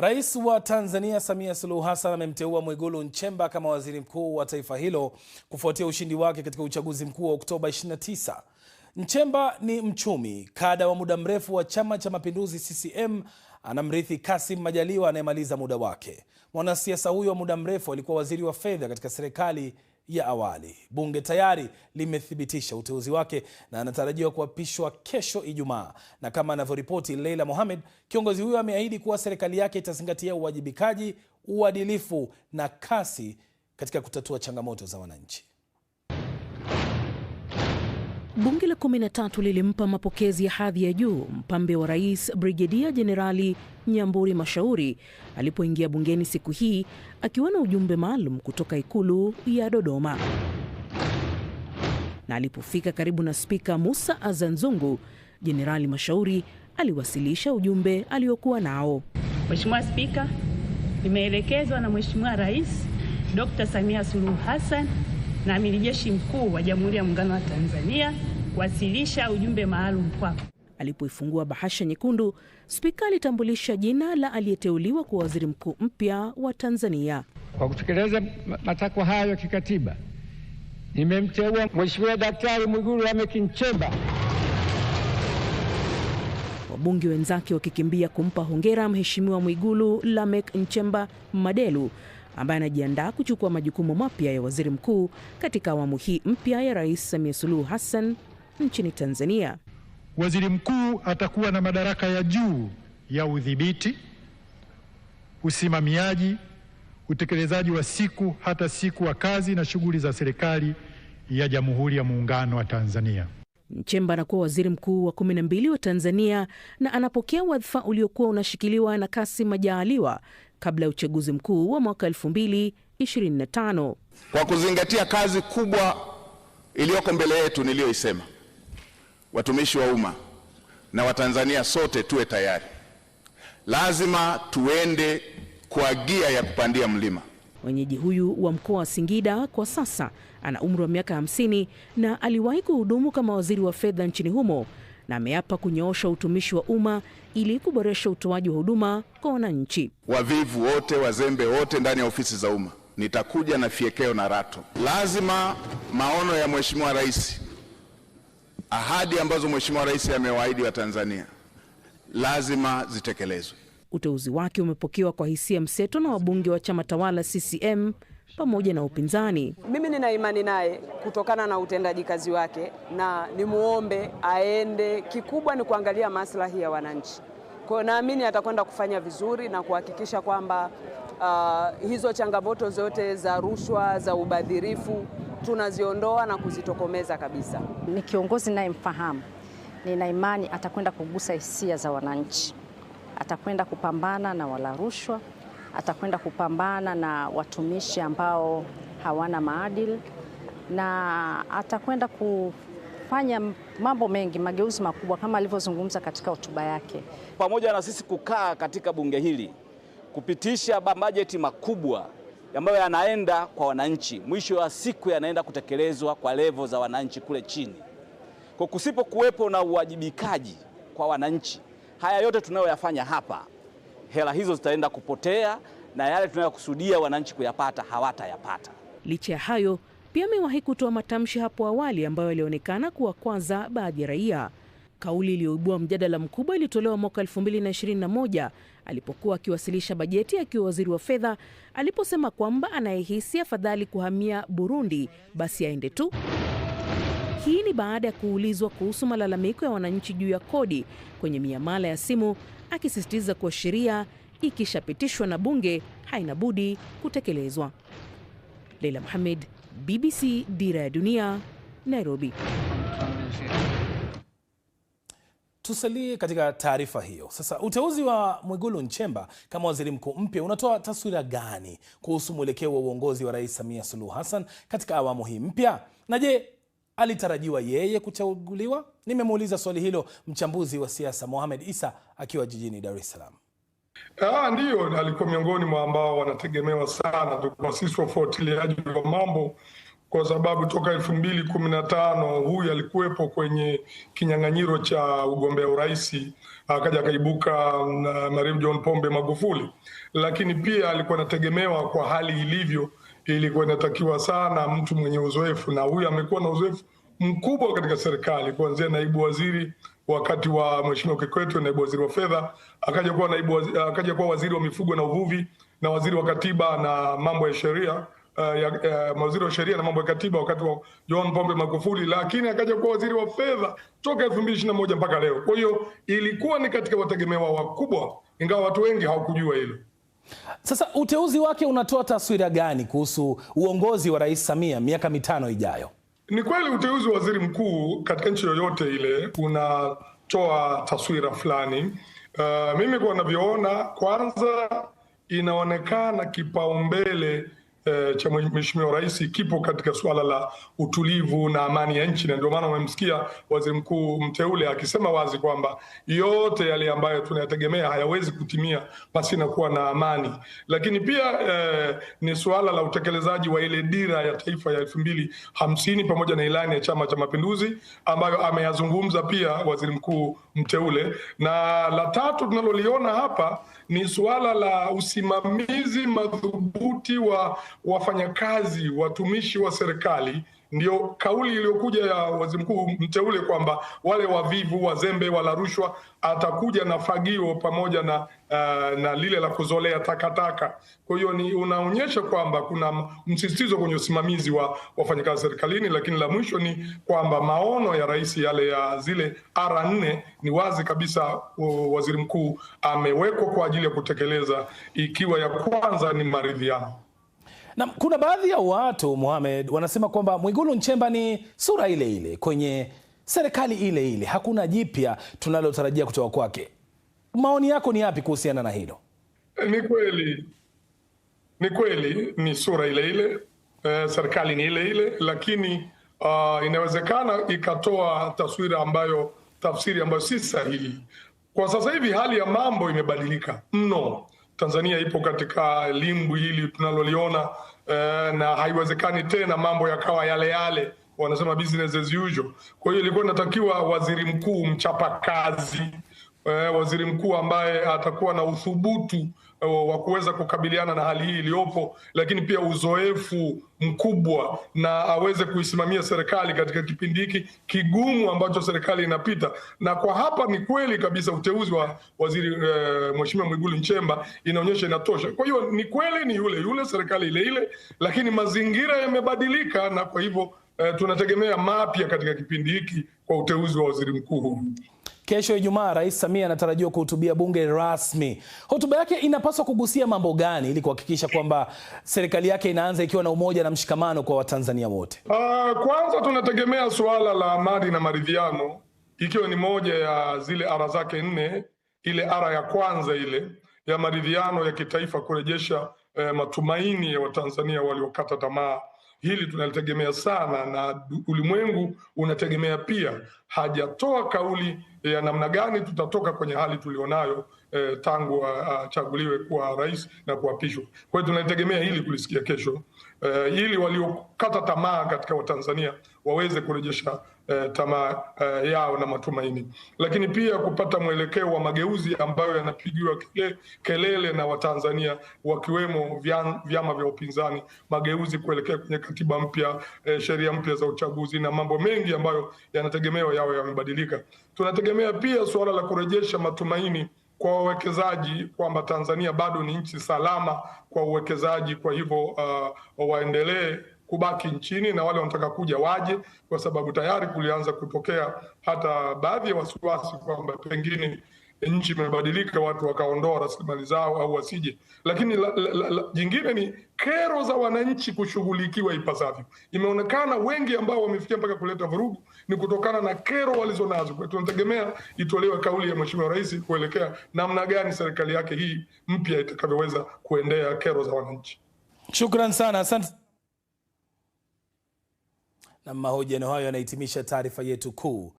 Rais wa Tanzania Samia Suluhu Hassan amemteua Mwigulu Nchemba kama waziri mkuu wa taifa hilo kufuatia ushindi wake katika uchaguzi mkuu wa Oktoba 29. Nchemba ni mchumi, kada wa muda mrefu wa Chama cha Mapinduzi CCM, anamrithi Kassim Majaliwa anayemaliza muda wake. Mwanasiasa huyo wa muda mrefu alikuwa waziri wa fedha katika serikali ya awali. Bunge tayari limethibitisha uteuzi wake na anatarajiwa kuapishwa kesho Ijumaa. Na kama anavyoripoti Leila Mohamed, kiongozi huyo ameahidi kuwa serikali yake itazingatia uwajibikaji, uadilifu na kasi katika kutatua changamoto za wananchi. Bunge la 13 lilimpa mapokezi ya hadhi ya juu mpambe wa rais Brigedia Jenerali Nyamburi Mashauri alipoingia bungeni siku hii akiwa na ujumbe maalum kutoka Ikulu ya Dodoma. Na alipofika karibu na Spika Musa Azanzungu, Jenerali Mashauri aliwasilisha ujumbe aliokuwa nao. Mheshimiwa Spika, nimeelekezwa na Mheshimiwa Rais Dr. Samia Suluhu Hassan na amiri jeshi mkuu wa Jamhuri ya Muungano wa Tanzania kuwasilisha ujumbe maalum kwako. Alipoifungua bahasha nyekundu, Spika alitambulisha jina la aliyeteuliwa kuwa waziri mkuu mpya wa Tanzania. Kwa kutekeleza matakwa hayo ya kikatiba, nimemteua Mheshimiwa Daktari Mwigulu Lameck Nchemba. Wabunge wenzake wakikimbia kumpa hongera Mheshimiwa Mwigulu Lameck Nchemba Madelu ambaye anajiandaa kuchukua majukumu mapya ya waziri mkuu katika awamu hii mpya ya Rais Samia Suluhu Hassan nchini Tanzania. Waziri mkuu atakuwa na madaraka ya juu ya udhibiti, usimamiaji, utekelezaji wa siku hata siku wa kazi na shughuli za serikali ya Jamhuri ya Muungano wa Tanzania. Nchemba anakuwa waziri mkuu wa kumi na mbili wa Tanzania na anapokea wadhifa uliokuwa unashikiliwa na Kassim Majaliwa kabla ya uchaguzi mkuu wa mwaka 2025. Kwa kuzingatia kazi kubwa iliyoko mbele yetu niliyoisema, watumishi wa umma na Watanzania sote tuwe tayari, lazima tuende kwa gia ya kupandia mlima. Mwenyeji huyu wa mkoa wa Singida kwa sasa ana umri wa miaka 50 na aliwahi kuhudumu kama waziri wa fedha nchini humo na ameapa kunyoosha utumishi wa umma ili kuboresha utoaji wa huduma kwa wananchi. Wavivu wote, wazembe wote ndani ya ofisi za umma, nitakuja na fiekeo na rato. Lazima maono ya Mheshimiwa Rais, ahadi ambazo Mheshimiwa Rais amewaahidi Watanzania lazima zitekelezwe. Uteuzi wake umepokewa kwa hisia mseto na wabunge wa chama tawala CCM pamoja na upinzani. Mimi nina imani naye kutokana na utendaji kazi wake, na nimuombe aende, kikubwa ni kuangalia maslahi ya wananchi. Kwa hiyo naamini atakwenda kufanya vizuri na kuhakikisha kwamba uh, hizo changamoto zote za rushwa, za ubadhirifu tunaziondoa na kuzitokomeza kabisa. Ni kiongozi nayemfahamu, nina imani atakwenda kugusa hisia za wananchi, atakwenda kupambana na wala rushwa atakwenda kupambana na watumishi ambao hawana maadili na atakwenda kufanya mambo mengi, mageuzi makubwa kama alivyozungumza katika hotuba yake. Pamoja na sisi kukaa katika bunge hili kupitisha bajeti makubwa ambayo yanaenda kwa wananchi, mwisho wa siku yanaenda kutekelezwa kwa levo za wananchi kule chini. Kwa kusipokuwepo na uwajibikaji kwa wananchi, haya yote tunayoyafanya hapa hela hizo zitaenda kupotea na yale tunayokusudia wananchi kuyapata hawatayapata. Licha ya hayo, pia amewahi kutoa matamshi hapo awali ambayo yalionekana kuwa kwanza baadhi ya raia. Kauli iliyoibua mjadala mkubwa ilitolewa mwaka 2021 alipokuwa akiwasilisha bajeti akiwa waziri wa fedha, aliposema kwamba anayehisi afadhali kuhamia Burundi basi aende tu. Hii ni baada ya kuulizwa kuhusu malalamiko ya wananchi juu ya kodi kwenye miamala ya simu akisisitiza kuwa sheria ikishapitishwa na bunge haina budi kutekelezwa. Leila muhamed BBC, Dira ya Dunia, Nairobi. Tusalie katika taarifa hiyo sasa. Uteuzi wa Mwigulu Nchemba kama waziri mkuu mpya unatoa taswira gani kuhusu mwelekeo wa uongozi wa Rais Samia Suluhu Hassan katika awamu hii mpya? Na je, alitarajiwa yeye kuchaguliwa? Nimemuuliza swali hilo mchambuzi wa siasa Mohamed Isa akiwa jijini Dar es Salaam. Ah, ndiyo, alikuwa miongoni mwa ambao wanategemewa sana kwa sisi wafuatiliaji wa mambo, kwa sababu toka elfu mbili kumi na tano huyu alikuwepo kwenye kinyang'anyiro cha ugombea uraisi, akaja akaibuka mm, Mariam John Pombe Magufuli, lakini pia alikuwa anategemewa kwa hali ilivyo ilikuwa inatakiwa sana mtu mwenye uzoefu, na huyu amekuwa na uzoefu mkubwa katika serikali kuanzia naibu waziri wakati wa Mheshimiwa Kikwete, naibu waziri wa fedha, akaja kuwa naibu, akaja kuwa waziri wa mifugo na uvuvi, na waziri wa katiba na mambo ya sheria uh, waziri wa sheria na mambo ya katiba wakati wa John Pombe Magufuli, lakini akaja kuwa waziri wa fedha toka 2021 mpaka leo. Kwa hiyo ilikuwa ni katika wategemewa wakubwa, ingawa watu wengi hawakujua hilo. Sasa uteuzi wake unatoa taswira gani kuhusu uongozi wa Rais Samia miaka mitano ijayo? Ni kweli uteuzi wa waziri mkuu katika nchi yoyote ile unatoa taswira fulani. Uh, mimi kwa navyoona, kwanza inaonekana kipaumbele Eh, cha Mheshimiwa Rais kipo katika suala la utulivu na amani ya nchi, na ndio maana umemsikia waziri mkuu mteule akisema wazi kwamba yote yale ambayo tunayategemea hayawezi kutimia pasi na kuwa na amani. Lakini pia eh, ni suala la utekelezaji wa ile dira ya taifa ya elfu mbili hamsini pamoja na ilani ya Chama cha Mapinduzi ambayo ameyazungumza pia waziri mkuu mteule, na la tatu tunaloliona hapa ni suala la usimamizi madhubuti wa wafanyakazi, watumishi wa serikali ndio kauli iliyokuja ya waziri mkuu mteule kwamba wale wavivu, wazembe, wala rushwa atakuja na fagio pamoja na, uh, na lile la kuzolea takataka. Kwa hiyo ni unaonyesha kwamba kuna msisitizo kwenye usimamizi wa wafanyakazi serikalini, lakini la mwisho ni kwamba maono ya rais yale ya zile R nne ni wazi kabisa, uh, waziri mkuu amewekwa kwa ajili ya kutekeleza, ikiwa ya kwanza ni maridhiano. Na kuna baadhi ya watu Mohamed, wanasema kwamba Mwigulu Nchemba ni sura ile ile kwenye serikali ile ile, hakuna jipya tunalotarajia kutoka kwake. Maoni yako ni yapi kuhusiana na hilo? Ni kweli, ni kweli, ni sura ile ile eh, serikali ni ile ile, lakini uh, inawezekana ikatoa taswira ambayo, tafsiri ambayo si sahihi. Kwa sasa hivi hali ya mambo imebadilika mno. Tanzania ipo katika limbu hili tunaloliona eh, na haiwezekani tena mambo yakawa yale yale, wanasema business as usual. Kwa hiyo ilikuwa inatakiwa waziri mkuu mchapa kazi eh, waziri mkuu ambaye atakuwa na uthubutu Eh, wa kuweza kukabiliana na hali hii iliyopo, lakini pia uzoefu mkubwa na aweze kuisimamia serikali katika kipindi hiki kigumu ambacho serikali inapita. Na kwa hapa ni kweli kabisa uteuzi wa waziri e, Mheshimiwa Mwigulu Nchemba inaonyesha inatosha. Kwa hiyo ni kweli ni yule yule, serikali ile ile, lakini mazingira yamebadilika, na kwa hivyo e, tunategemea mapya katika kipindi hiki kwa uteuzi wa waziri mkuu huyu. Kesho Ijumaa, Rais Samia anatarajiwa kuhutubia bunge rasmi. Hotuba yake inapaswa kugusia mambo gani ili kuhakikisha kwamba serikali yake inaanza ikiwa na umoja na mshikamano kwa Watanzania wote? Uh, kwanza tunategemea suala la amani na maridhiano ikiwa ni moja ya zile ara zake nne, ile ara ya kwanza ile ya maridhiano ya kitaifa kurejesha eh, matumaini ya Watanzania waliokata tamaa. Hili tunalitegemea sana na ulimwengu unategemea pia. Hajatoa kauli ya namna gani tutatoka kwenye hali tulionayo eh, tangu ah, achaguliwe kuwa rais na kuapishwa. Kwa hiyo hili kulisikia kesho eh, ili waliokata tamaa katika Watanzania waweze kurejesha eh, tamaa eh, yao na matumaini, lakini pia kupata mwelekeo wa mageuzi ambayo yanapigiwa kelele na Watanzania wakiwemo vyama, vyama vya upinzani, mageuzi kuelekea kwenye katiba mpya eh, sheria mpya za uchaguzi na mambo mengi ambayo yanategemewa yao yamebadilika. Tunategemea pia suala la kurejesha matumaini kwa wawekezaji kwamba Tanzania bado ni nchi salama kwa uwekezaji, kwa hivyo uh, waendelee kubaki nchini na wale wanataka kuja waje, kwa sababu tayari kulianza kutokea hata baadhi ya wasiwasi kwamba pengine nchi imebadilika, watu wakaondoa rasilimali zao au wasije. Lakini la, la, la, jingine ni kero za wananchi kushughulikiwa ipasavyo. Imeonekana wengi ambao wamefikia mpaka kuleta vurugu ni kutokana na kero walizonazo. Kwa tunategemea itolewe kauli ya Mheshimiwa Rais kuelekea namna gani serikali yake hii mpya itakavyoweza kuendea kero za wananchi. Shukran sana, asante na mahojiano hayo yanahitimisha taarifa yetu kuu.